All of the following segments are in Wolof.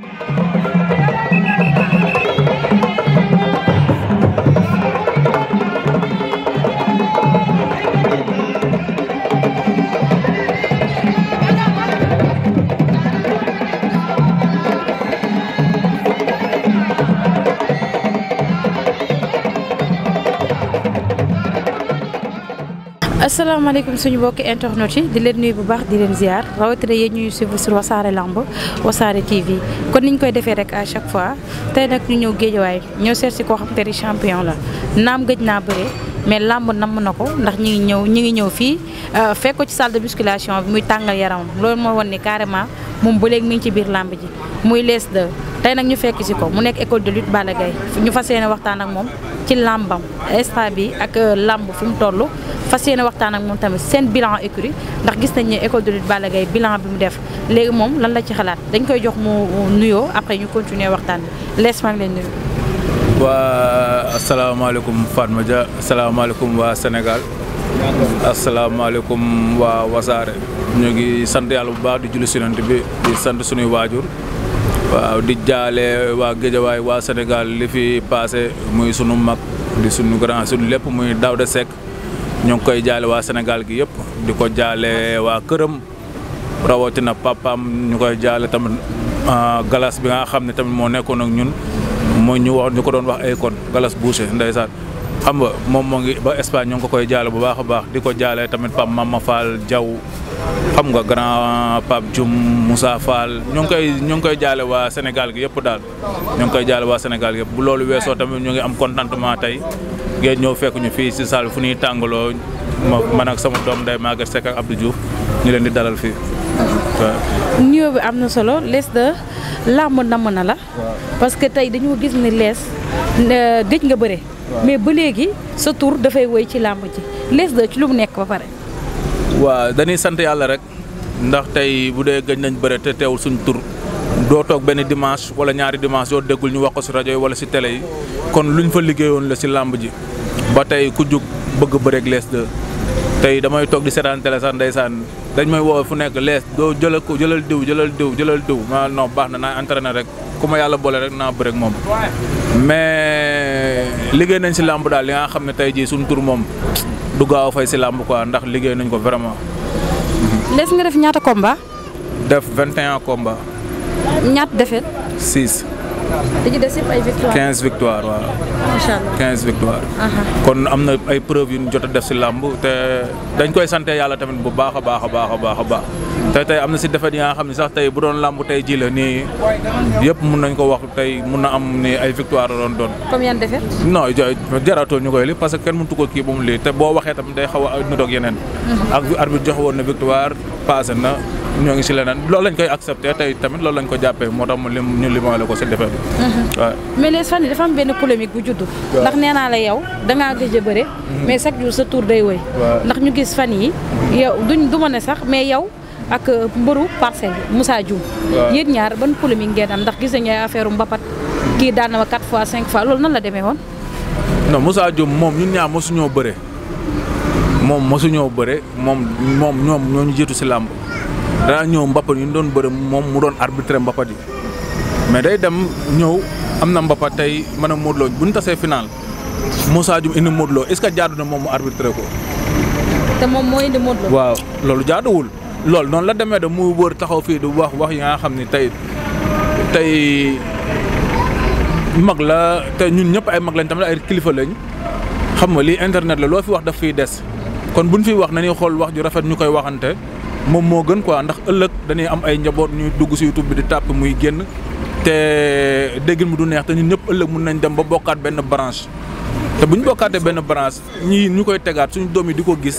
thank you asalaamaaleykum suñu mbokki internet yi di leen nuyu bu baax di leen ziar rawatina yéen ñuy suivre sur wasaare lamb wasaare TV kon niñ koy defee rek à chaque fois tey nag ñu ñëw géejawaay ñëw seet si koo xam te ni champion la naam gëj naa bëre mais làmb namm na ko ndax ñi ngi ñëw ñi ngi ñëw fii euh, fekk ko ci salle de musculation bi muy tàngal yaram loolu moo won ni carrément moom ba léegi mi ngi ci biir làmb ji muy lees de tey nag ñu fekk si ko mu nekk école de lutte Balla Gaye ñu fas yéene waxtaan moom ci làmbam instant bi ak euh, làmb fi mu toll fas yéene waxtaan ak moom tamit seen bilan écurie ndax gis nañ ne école de lutte Balla Gaye bilan bi mu def léegi moom lan la ci xalaat dañ koy jox mu nuyo après ñu continuer waxtaan bi lees maa ngi leen nuyu waa asalaamaaleykum Fatma Dia asalaamaaleykum waa Sénégal asalaamaaleykum waa Wasaare ñu ngi sant yàlla bu baax di julli sinant bi di sant waajur waaw di jaale waa Géejawaay waa Sénégal li fi passé muy sunu mag di sunu grand lépp muy Daouda Seck ñu ngi koy jaale waa Sénégal gi yëpp di ko jaale waa këram rawatina papaam ñu koy jaale tamit ah, galas bi nga xam ne tamit moo nekkoon ak ñun moo ñu wax ñu ko doon wax ay kon galas boucher ndeysaan xam nga moom moo ngi ba Espagne ñoo ngi ko koy jaale bu baax a baax di ko jaale tamit maam Mama Fall jaw xam nga grand Pape Dioum Moussa Fall ñu ngi koy ñu ngi koy jaale waa Sénégal gi yëpp daal ñoo ngi koy jaale waa yëpp bu loolu weesoo tamit ñu ngi am contentement tey ngeen ñëw fekkuñu fii si salle fu ñuy tàngaloo ma man ak sama doom day Maguette Seck ak Abdou ñu leen di dalal fii. nuyoo bi am na solo Less 2 làmb namm na la. parce que tey dañoo gis ni lees gëj nga bëre. mais ba léegi sa tur dafay woy ci làmb ji Less 2 ci lu mu nekk ba pare. waa dañuy sant yàlla rek ndax tey bu dee gëj nañ bëre te teewul suñ tur doo toog benn dimanche wala ñaari dimanche yoo déggul ñu wax ko si rajo yi wala si tele yi kon ñu fa liggéeyoon la si làmb ji ba tey ku jug bëgg bëreeg Less 2 tey damay toog di seetaan télé sax ndeysaan dañ may woo fu nekk Less doo jëlal ko jëlal diw jëlal diw jëlal diw ma non baax na naa entraîné rek. ku yàlla boole rek naa bëre moom mais liggéey nañ si làmb daal li nga xam ne tey jii suñu tur moom du gaaw a fay si làmb quoi ndax liggéey nañ ko vraiment. lees nga def ñaata combat. def vingt et un combat. ñaata défaite. six. li ci des yëpp quinze victoire waaw. macha allah quinze victoire. kon am na ay preuve yu jot a def si làmb te dañ koy sante yàlla tamit bu baax a baax a baax a baax a baax. tey tey am na si defet yi nga xam ne sax tey bu doon làmb tey ji la nii yëpp mun nañ ko wax tey mun na am ni ay victoire la doon doon. comme yan defet. non jaraatul ñu koy li parce que kenn mëntu ko kii ba mu lii te boo waxee day xaw a nu doog yeneen. Mhm. ak arbitre woon na victoire passé na ñoo ngi si leneen loolu lañ koy accepté tey tamit loolu lañ ko jàppee moo tax mu lim ñu limaale ko si defet bi. waaw mhm. mais les fan yi dafa am benn polémique bu judd. ndax nee naa la yow da ngaa gëj a bëre mhm. mais chaque jour sa tour day woy ndax ñu gis fan yi yow duñ du ma ne sax mais yow ak euh, mbëru parcelle Moussa Dioum yéen ñaar ban polémique ngeen am ndax gis nañu ay affaire mbapat kii daan na ma quatre fois cinq fois loolu nan la demee woon non Moussa Dioum moom ñun ñaar mosuñoo bëre moom mosuñoo bëre moom moom ñoom ñoo ñu jiitu si làmb dana ñëw mbapat ñu doon bëre moom mu doon arbitre mbappat yi mais day dem ñëw am na mbapat tey mën a Modou bu ñu tasee final Moussa Dioum indi Modou Lo est-ce que jaadu na moom mu arbitré ko te moom moo indi Modou waaw loolu jaaduwul loolu noonu la demee da mu wër taxaw fii du wax wax yi nga xam ni tey tey mag la te ñun ñëpp ay mag lañ tamit ay kilifa lañ xam nga li internet la loo fi wax daf fiy des kon bu buñ fiy wax nañuy xool wax ju rafet ñu koy waxante moom moo gën quoi ndax ëllëg dañuy am ay njaboot ñuy dugg si YouTube bi di tàpp muy génn te déggin mu du neex te ñun ñëpp ëllëg mun nañ dem ba bokkaat benn branche te bu ñu bokkaatee benn branche ñii ñu koy tegaat suñu doom yi di ko gis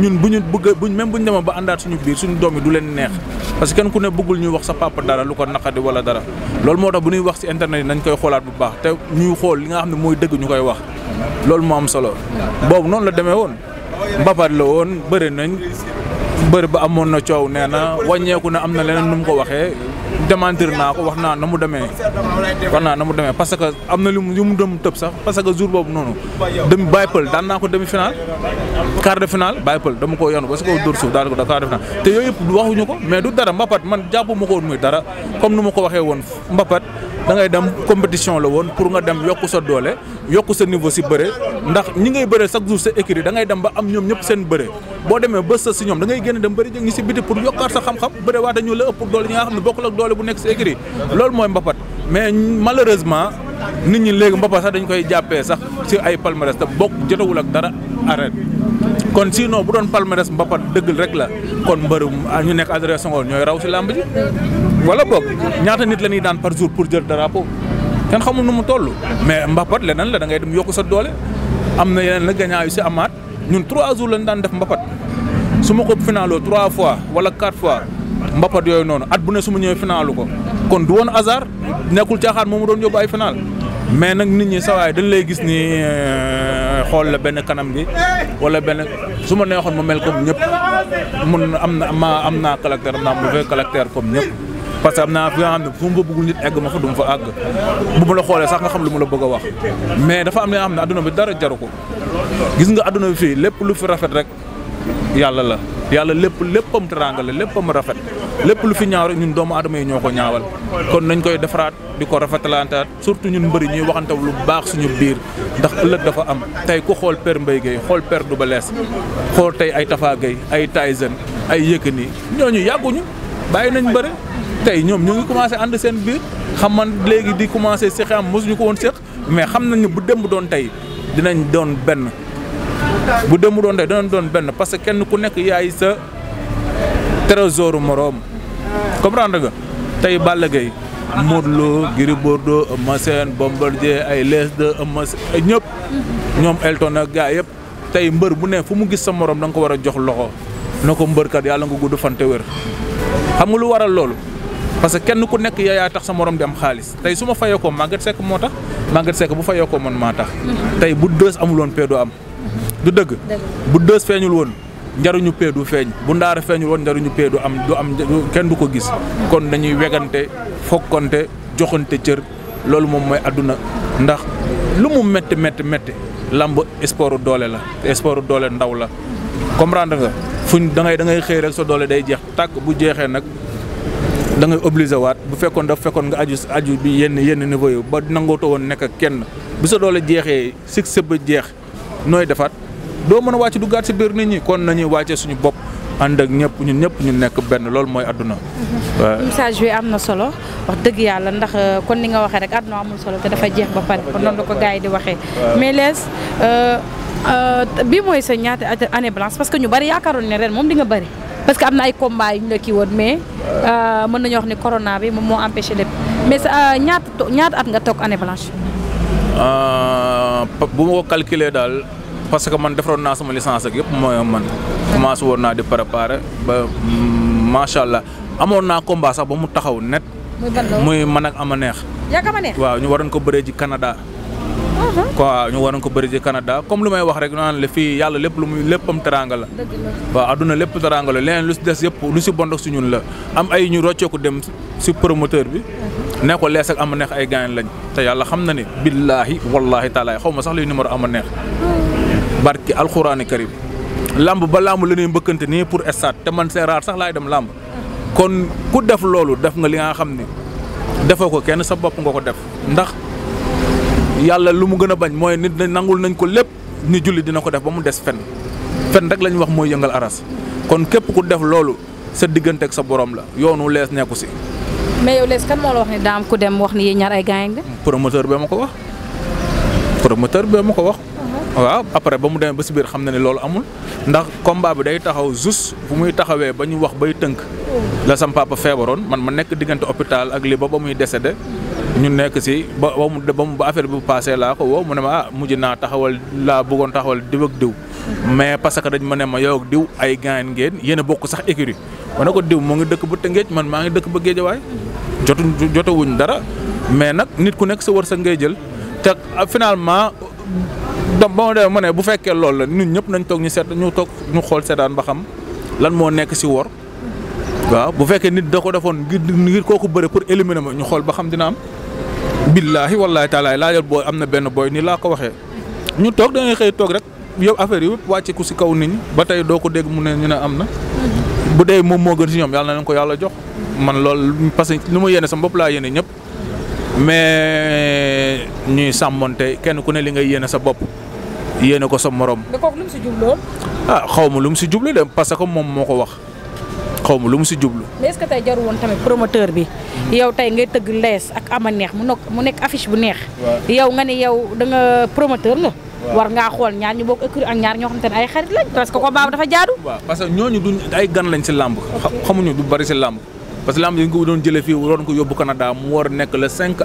ñun bu ñu bëgg buñ même bu ñu demee ba àndaat suñu biir suñu doom yi du leen neex parce que kenn ku ne bëggul ñuy wax sa papa dara lu ko naqadi wala dara lool moo tax bu ñuy wax ci internet yi nañ koy xoolaat bu baax te ñuy xool li nga xam ne mooy dëgg ñu koy wax loolu moo am solo boobu noonu la demee woon mbapat la woon bëri nañ mbër ba amoon na coow nee na wàññeeku na am na leneen nu mu ko waxee démentir naa wax naa na mu demee wax naa na mu demee parce que am na lu mu lu mu dem tëb sax parce que jour boobu noonu demi Baye daan naa ko demi final quart de finale Baye Peul dama ko yoon parce u dóor suuf daan da quart de finale te yooyu yëpp waxuñu ko mais du dara mbapat man jàpp ma ko woon muy dara comme nu ma ko waxee woon mbapat da ngay dem compétition la woon pour nga dem yokk sa doole yokk sa niveau si bëre ndax ñi ngay bëree chaque jour sa écrit da ngay dem ba am ñoom ñëpp seen bëre boo demee ba sa si ñoom dangay ngay génn dem bëri jëg ñi si biti pour yokkaat sa xam-xam bëre waate ñu la ëpp doole ñi nga xam ne bokkul ak doole bu nekk si écrit loolu mooy mbapat mais malheureusement nit ñi léegi mbapat sax dañ koy jàppee sax si ay palmarès te bokk jotawul ak dara arrêt kon sinon bu doon palmarès mbapat dëgg rek la kon mbërum ah, ñu nekk adresse ngoon ñooy raw si làmb wala boog ñaata nit la ñuy daan par jour pour jël drapeau kenn xamul nu mu toll. mais mbapat leneen la da ngay dem yokk sa doole am na yeneen la gañaayu si amaat ñun trois jours lañ daan def mbapat su ma ko finaaloo trois fois wala quatre fois mbapat yooyu noonu at bu ne su ma ñëwee finaalu ko kon du woon hasard nekkul caaxaan ma doon yóbbu ay finaal. mais nag nit ñi sawaay dañ lay gis ni euh, xool la benn kanam gi wala benn su ma neexoon ma mel comme ñëpp mun am na am naa caractère am naa mauvais caractère comme ñëpp parce que am naa fi nga xam ne fu ma bëggul nit egg ma fa du fa àgg bu ma la xoolee sax nga xam lu ma la bëgg wax mais dafa am ne am xam ne adduna bi dara jaru ko gis nga àdduna bi fii lépp lu fi rafet rek yàlla la yàlla lépp léppam teraanga la léppam rafet lépp lu fi ñaaw rek ñun doomu adama yi ñoo ko ñaawal kon nañ koy defaraat di ko rafetalantaat surtout ñun mbëri ñuy waxantaw lu baax suñu biir ndax ëllëg dafa am tey ku xool per Mbaye Gueye xool per Double Less xool tey ay Tafa ay Tyson ay Yékini ñooñu yàgguñu tey ñoom ñoo ngi commencé ànd seen biir xam man léegi di commencé séq am ñu ko woon séq mais xam nañu bu démb doon tey dinañ doon benn bu démb doon tey dinañ doon benn parce que kenn ku nekk yaay sa trésor moroom comprendre ga tey Balla Gaye Modou Lo Gris Bordeaux Eumeu ay lees de Eumeu Sène ñëpp ñoom Elton ak gaa yëpp tey mbër bu ne fu mu gis sa moroom da nga ko war a jox loxo na ko mbërkat yàlla nga gudd fante wér xam nga lu waral loolu parce que kenn ku nekk yaay yaa tax sa moroom di am xaalis tey su ma fayee ko Maguette Seck moo tax Maguette Seck bu fayee ko man maa tax. tey bu dës amuloon woon du am. du dëgg bu dës feeñul woon. njariñu pee du feeñ bu ndaara feeñul woon njariñu pee du am du am kenn du ko gis kon dañuy wegante fokkante joxante cër loolu moom mooy àdduna ndax lu mu métti métti métti làmb sport doole la te sport doole ndaw la comprendre nga fuñ ñu ngay dangay ngay xëy rek sa doole day jeex tàkk bu jeexee nag da ngay obligé waat bu fekkoon daf fekkoon nga aju aju bi yenn yenn niveau yi ba nangoota woon nekk ak kenn bu sa doole jeexee si sa ba jeex nooy defaat doo mën a wàcc du gaat si biir nit ñi kon nañuy wàccee suñu bopp ànd ak ñëpp ñun ñëpp ñu nekk benn loolu mooy àdduna. Mm-hmm. message bi am na solo wax dëgg yàlla ndax euh, kon ni nga waxee rek àdduna amul solo dafa jeex ba pare kon noonu ko gars yi di waxee. mais lees euh, euh, bi mooy sa ñaata année blanche parce que ñu bari yaakaaroon ne ren moom di nga bari. parce que am na ay combat yu ñu la kii woon mais euh, mën nañu wax ni corona bi moom moo empêché lépp mais sa euh, ñaata ñaata at nga toog année blanche. Euh, bu ma ko calculer daal parce que man defaroon naa sama licence ak yëpp mooy man commencé woon naa di préparer mm, macha allah amoon naa combat sax ba mu taxaw net. muy man ak ama neex. am a neex. waaw ñu waroon ko bëree ji Mhm. quoi ñu waroon ko bëri ci Canada comme lu may wax rek naan la fii yàlla lépp lu muy léppam teranga la waaw adduna lépp teranga la leneen lu si des yëpp lu si bon rek su la am ay ñu rocceeku dem si promoteur bi mhm. ne ko lees ak ama neex ay gaañ lañ te yàlla xam na ne billaahi wallaahi taalaay xaw ma sax luy numéro ama neex mhm. barki alxuraani karim làmb ba lamb la ñuy mbëkkante nii pour stade te man c'est rare sax laay dem lamb kon ku def loolu def nga li nga xam ni defoo ko kenn sa bopp nga ko def yàlla lu mu gën a bañ mooy nit nangul nañ ko lépp ni julli dina ko def ba mu des fen fen rek la ñu wax mooy yëngal aras kon képp ku def loolu sa diggante ak sa borom la yoonu lees nekku si. mais yow lees kan moo la wax ni am ku dem wax ni yéen ñaar ay gaañ de. promoteur bee ma ko wax promoteur bee ma ko wax. waaw après ba mu demee ba si biir xam na ne loolu amul ndax combat bi day taxaw juste bu muy taxawee ba ñu wax bay tënk la sam papa feebaroon man ma nekk diggante hôpital ak li ba ba muy de ñu nekk si ba ba mu ba affaire bi passé laa ko woo mu ne ma ah mujj naa taxawal laa bëggoon taxawal diw ak diw mais parce que dañ ma ne ma yow diw ay gaañ ngeen yéen a bokk sax écurie ma ne ko diw mu ngi dëkk ba Tëngéej man maa ngi dëkk ba Géejawaay jotu jotewuñ dara mais nag nit ku nekk sa ngay jël te finalement donc ba ma demee ma ne bu fekkee loolu la ñun ñëpp nañ toog ñu seet ñu toog ñu xool seetaan ba xam lan moo nekk si wor waaw bu fekkee nit da ko defoon ngir ngir kooku bari pour éliminer ma ñu xool ba xam dina am. billaahi wallaahi taalaay laajal booy am na benn booy nii laa ko waxee ñu toog da xëy toog rek yow affaire yi yëpp wàcce ku si kaw nit ñi ba tey doo ko dégg mu ne ñu ne am na. bu dee moom moo gën si ñoom yàlla nañ ko yàlla jox man lool parce que lu ma yéene sama bopp laa yéene ñëpp mais. ne ñuy sàmmonte kenn ku ne li ngay yéene sa bopp yéene ko sa morom. mais kooku lu mu ah xaw ma lu mu si jublu de parce que moom moo ko wax xaw ma lu mu si jublu. de est-ce que tey jaru woon tamit bi. Hmm. yow tey ngay tëgg ak ama neex mu nekk mu nekk affiche bu neex. yow nga ne yow da nga promoteur la. war ngaa xool ñaar ñu bokk écurie ak ñaar ñoo xam te ne ay xarit lañ. parce que ko baaw dafa jaadu. waaw parce que ñooñu duñ ay gan lañ si làmb. xamuñu du bari si làmb. parce que làmb yi nga ko doon jëlee fii waroon ko yóbbu Canada mu war a nekk le 5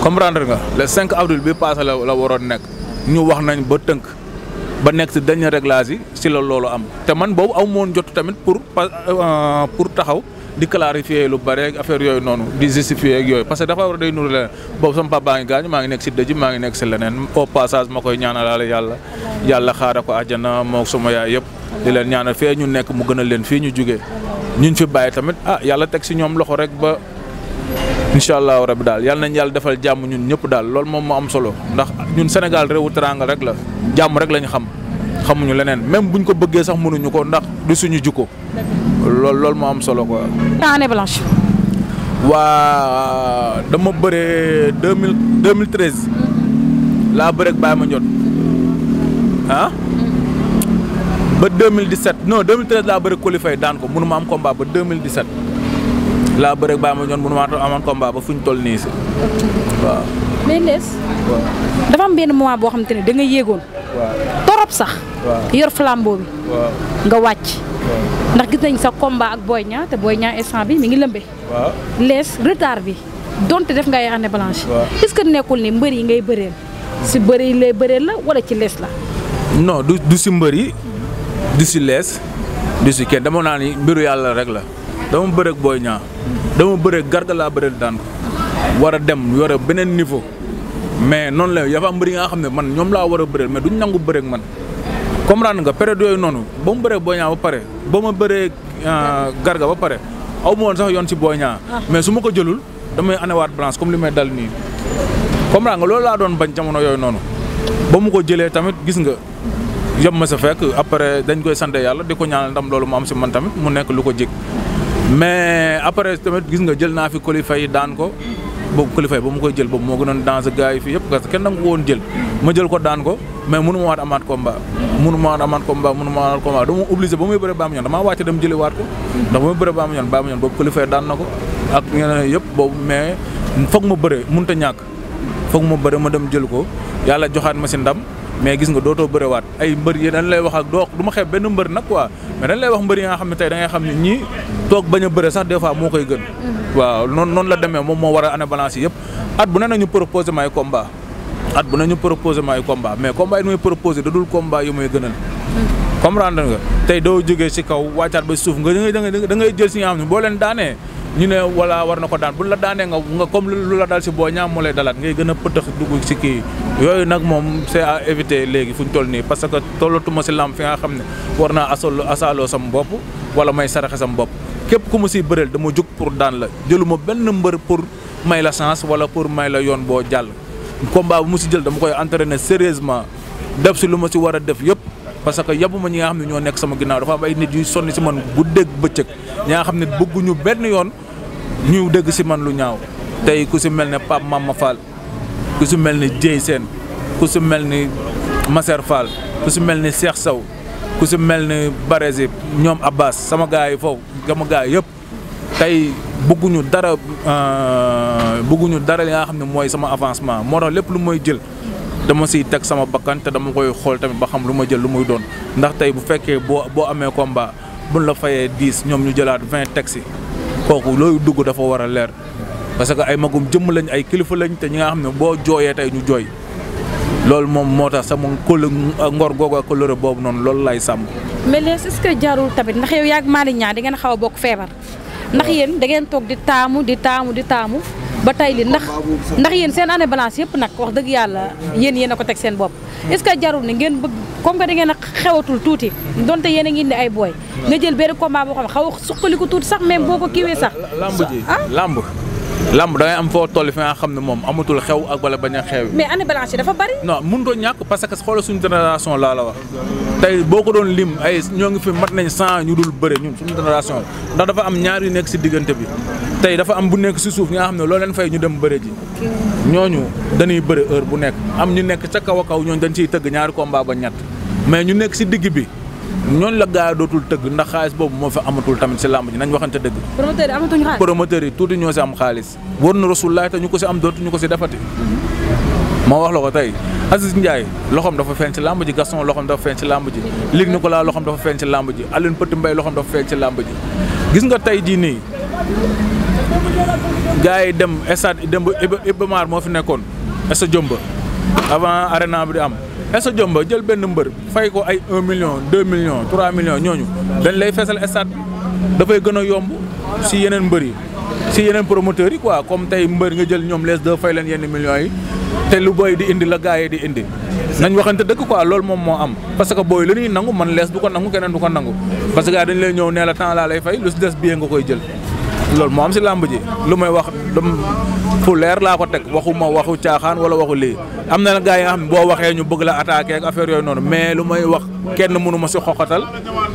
comprendre nga le 5 avril bi passé la la nekk ñu wax nañ ba tënk ba nekk si dernier réglage yi si la loolu am te man boobu aw moon jot tamit pour euh, pour taxaw di clarifier lu bare affaire yooyu noonu di justifier ak yooyu parce que dafa war day nuru leneen boobu sama papa baa ngi gaañu maa ngi nekk si dëj maa ngi nekk si leneen au passage ma koy ñaanalaale yàlla yàlla xaare ko àjjana moo sama yaay yëpp di leen ñaanal fee ñu nekk mu gën a leen fii ñu jugee incha allahu rabi daal yal nañ yàlla defal jàmm ñun ñëpp daal loolu moom moo am solo ndax ñun Sénégal réewu teranga rek la jàmm rek lañ xam xamuñu leneen même buñ ko bëggee sax mënuñu ko ndax du suñu jikko lool loolu moo am solo quoi. année blanche. waa dama bëree deux mille deux mille treize laa bëreeg Baye Mandione ah ba 2017 non 2013 laa bëri qualifié daan ko mënu ma am combat ba 2017. laa bëreeg baa ma ñoon bu ma amoon combat ba fu ñu toll nii si waaw. mais dafa am benn moment boo xamante ne da nga yéegoon. waaw torop sax. yor flambeau bi. nga wàcc. ndax gis nañ sa combat ak booy Niang te Boy Niang instant bi mi ngi lëmbe lees Less retard bi donte def nga ay année blanche. est que nekkul ni mbër yi ngay bëreel. si bëri yi lay bëreel la wala ci lees la. no du si mbër yi. du si Less. du si kenn dama naa ni mbiru yàlla rek la. dama bëreeg Boy ñaa dama bëreeg Garga laa bëreel daan ko war a dem yore beneen niveau mais noonu la yafa mbëri nga xam ne man ñoom laa war a bëreel mais duñ nangu bëreeg man comprendre nga période yooyu noonu ba mu bëreeg Boy ba pare ba ma bëreeg euh, Garga ba pare aw ma woon yoon ci Boy Niang ah. mais su ma ko jëlul damay anewaat balance comme li may dal nii comprendre nga loolu laa doon bañ jamono yooyu noonu ba mu ko jëlee tamit gis nga yem ma sa fekk après dañ koy sant yàlla di ko ñaanal ndam loolu mu am si man tamit mu nekk lu ko jig mais après tamit gis nga jël naa fi kolifa yi daan ko boobu kolifa ba mu koy jël boobu moo gënoon danger gars yi fii yëpp parce que kenn da ko woon jël ma jël ko daan ko mais mënu ma a amaat combat mënu ma waat amaat combat mënu ma waat combat dama obligé ba muy bëre baa mu ñoon damaa wàcce dem jëli waat ko ndax ba muy bëre baa mu ñoon baa mu ñoon boobu kolifa yi daan na ko ak ñeneen yëpp boobu mais foog ma bëre mënut a ñàkk foog ma bëre ma dem jël ko yàlla joxaat ma si ndam mais gis nga dootoo bëriwaat ay mbër yi dañ lay wax ak doo du ma benn mbër nag quoi mais dañ lay wax mbër yi nga xam ne tey da xam ne ñii toog bañ a bëre sax des fois moo koy gën mhm. waaw noonu noonu la demee moom moo war a année balance yi yëpp at bu ne nañu proposé may combat at bu nañu proposé may combat mais combat yi muy proposé da dul combat yu muy gënal mhm. comprendre nga tey doo jógee si kaw wàccaat ba suuf nga da ngay ngay jël si nga xam ne boo leen daanee ñu ne wala war na ko daan bu la daanee nga nga comme lu la dal si boo ñaam moo lay gën a pëtëx dugg si kii yooyu nag moom c'est à éviter léegi fu ñu toll nii parce que tollatuma si lam fi nga xam ne war naa asal asaaloo sam bopp wala may saraxe sam bopp képp ku ma si bëreel dama jug pour daan la jëluma benn mbër pour may la chance wala pour may la yoon boo jàll comme bu mu si jël dama koy na sérieusement def si lu ma si war a def yëpp parce que yabuma ñi nga xam ne ñoo nekk sama ginnaaw dafa am ay nit yuy sonni si man bu dégg bëccëg ñaa xam ne bëgguñu benn yoon ñu dégg si man lu ñaaw tey ku si mel ne Pape Mama Fall ku si mel ne Dieye Sène ku si mel ni Masser Fall ku si mel ni Cheikh Sow ku si mel ni Baresi ñoom Abbas sama gars yi foofu sama gars yëpp tey bëgguñu dara euh, bëgguñu dara li nga xam ne mooy sama avancement moo tax lépp lu mooy jël dama siy teg sama bakkan te dama koy xool tamit ba xam lu ma jël lu muy doon ndax tey bu fekkee boo boo amee bu buñ la fayee diis ñoom ñu jëlaat vingt si kooku looyu dugg dafa war a leer parce que ay magum jëmm lañ ay kilifa lañ te ñi nga xam ne boo jooyee tey ñu jooy loolu moom moo tax sama kóll ngor googu ak kóllëre boobu noonu loolu lay sàmm. mais léegi est-ce que tamit ndax yow yaa ngi Malick Niang di ngeen xaw a bokk feebar ndax yéen da ngeen toog di taamu di taamu di taamu. ba tay li ndax ndax yéen seen année balance yëpp nag wax dëgg yàlla yéen yéen a ko teg seen bopp est-ce que jarul ne ngeen bëgg comme que da ngeen a xewatul tuuti donte yéen a ngi indi ay booy nga jël benn combat boo xam ne xaw a ko tuuti sax même boo ko kiiwee sax ah lamb lamb da am foo toll fi nga xam ne moom amatul xew ak wala bañ a xew. mais année blanche dafa bari. non mënutoo ñàkk parce que xoolal suñu génération laa la wax tey boo ko doon lim ay ñoo ngi fi mat nañ cent ñu dul bëre ñun suñu génération ndax dafa am ñaari yu nekk si diggante bi tey dafa am bu nekk si suuf nga xam ne loolu leen fay ñu dem bëre ji. ñooñu dañuy bëre heure bu nekk am ñu nekk ca kaw a kaw ñooñu dañ ciy tëgg ñaari combat ba ñett mais ñu nekk si digg bi. ñooñu la gaa dootul tëgg ndax xaalis boobu moo fa amatul tamit si làmb ji nañ waxante dëgg. promoteur yi amatuñ xaalis promoteur yi tuuti ñoo si am xaalis. war na rasulaay te ñu ko si am dootuñu ko si defati. moo wax la ko tey Aziz Ndiaye loxoom dafa feen ci làmb ji Gaston loxoom dafa feeñ ci làmb ji ko laa loxoom dafa feeñ ci làmb ji Aline Petit Mbaye loxoom dafa feeñ ci làmb ji gis nga tey jii nii gars yi dem stade dem ba Iba Mar moo fi nekkoon stade Jomba avant arena bi di am Essa Diomba jël benn mbër fay ko ay 1 million 2 million 3 million ñooñu dañ lay feesal stade dafay gën a yomb si yeneen mbër yi si yeneen promoteurs yi quoi comme tey mbër nga jël ñoom les deux fay leen yenn millions yi te lu booy di indi la gars yi di indi. nañ waxante dëgg quoi loolu moom moo am parce que booy la nangu man lees du ko nangu keneen du ko nangu parce que dañ lay ñëw nee la temps laa lay fay lu si des bien nga koy jël. loolu moo am si làmb ji lu may wax fu leer laa ko teg waxuma waxu caaxaan wala waxu lii am na gaa yi am boo waxee ñu bëgg la attaqué ak affaire yooyu noonu mais lu may wax kenn mënu ma si xoxatal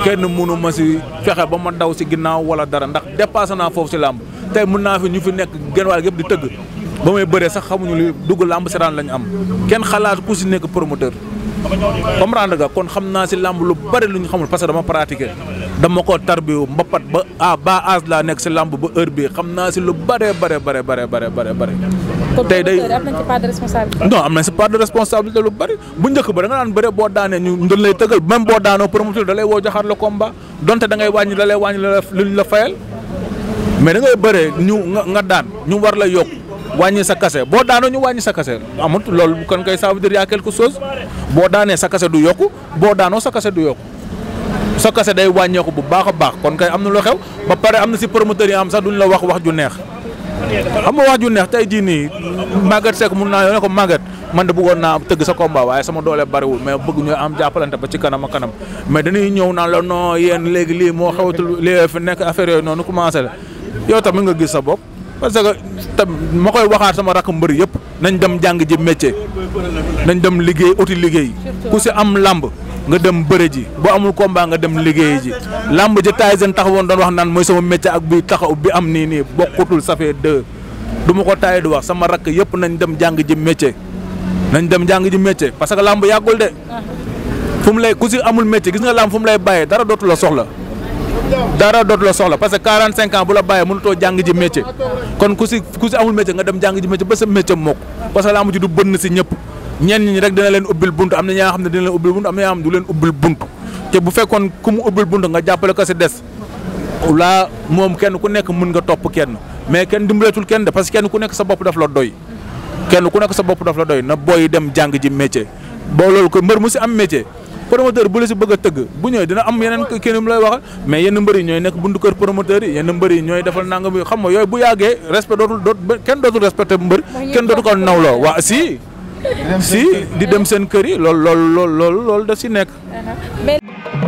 kenn mënu ma si fexe ba ma daw si ginnaaw wala dara ndax dépassé naa foofu si làmb tey mun naa fi ñu fi nekk genn wàll yëpp di tëgg ba may bëree sax xamuñu li dugg làmb si setaan lañ am kenn xalaat ku si nekk promoteur comprendre nga kon xam naa si làmb lu bari lu ñu xamul parce que dama pratiqué dama ko tarbiwu mbapat ba ah ba âge laa nekk si làmb ba heure bi xam naa si lu bare bare bare bare bare bare bare tey day am nañ ci part de responsabilité non am nañ si part de responsabilité lu bari bu njëkk ba da nga naan boo daanee ñu ndon lay tëggal même boo daanoo promoteur da lay woo joxaat la combat donte da ngay wàññi da lay wàññi la luñ la fayal mais da ngay bëree ñu nga daan ñu war la yokk wàññi sa kase boo daanoo ñu wàññi sa kase amut loolu kon kay ça veut dire a quelque chose boo daanee sa kase du yokku boo daanoo sa kase du yokku sa kase day wàññeeku bu baax a baax kon kay am na lu xew ba pare am na si promoteur yi am sax duñ la wax wax ju neex xam nga wax ju neex tey jii nii Maguette Seck mun naa yoo ne ko man de bëggoon naa tëgg sa combat waaye sama doole bariwul mais bëgg ñu am jàppalante ba ci kanam kanam mais dañuy ñëw naan la noo yéen léegi lii moo xewatul lii fi nekk affaire yooyu noonu commencé la yow tamit nga gis sa bopp parce que tam ma koy waxaat sama rakk mbër yëpp nañ dem jàng ji métier nañ dem liggéey uti liggéey ku si am làmb nga dem bëre ji boo amul combat nga dem liggéey ji làmb ja Tyson taxawoon doon wax naan mooy sama métier ak bi taxaw bi am nii nii bokkutul ça fait du ma ko taay du wax sama rakk yëpp nañ dem jàng ji métier nañ dem jàng ji métier parce que làmb yàggul de fu mu lay ku si amul métier gis nga làmb fu mu lay bàyyee dara dootu la soxla dara dootu soxla parce que 45 ans bu la bàyyee mënutoo jàng ji métier kon ku si ku si amul métier nga dem jàng ji métier ba sa métier mokk parce que si ñëpp. ñenn ñi rek dina leen ubbil bunt am na ñaa xam ne dina leen ubbil bunt leen ubbil bunt te bu fekkoon ku mu ubbil bunt nga jàppale ko si des laa moom kenn ku nekk mun nga topp kenn mais kenn dimbaleetul kenn de parce que kenn ku nekk sa bopp daf la doy kenn ku nekk sa bopp daf la doy na booy dem jàng ji métier boo loolu ko mbër mu si am métier la si tëgg bu ñëwee dina am yeneen kenn mu lay waxal mais yenn mbër yi ñooy nekk buntu kër promoteur yi yenn mbër yi ñooy defal nangam xam nga yooyu bu yàggee respect dootul doot kenn dootul respecté mbër kenn dootu ko nawloo waa si si di dem seen kër yi lool lool lool lool da si nekk uh-huh.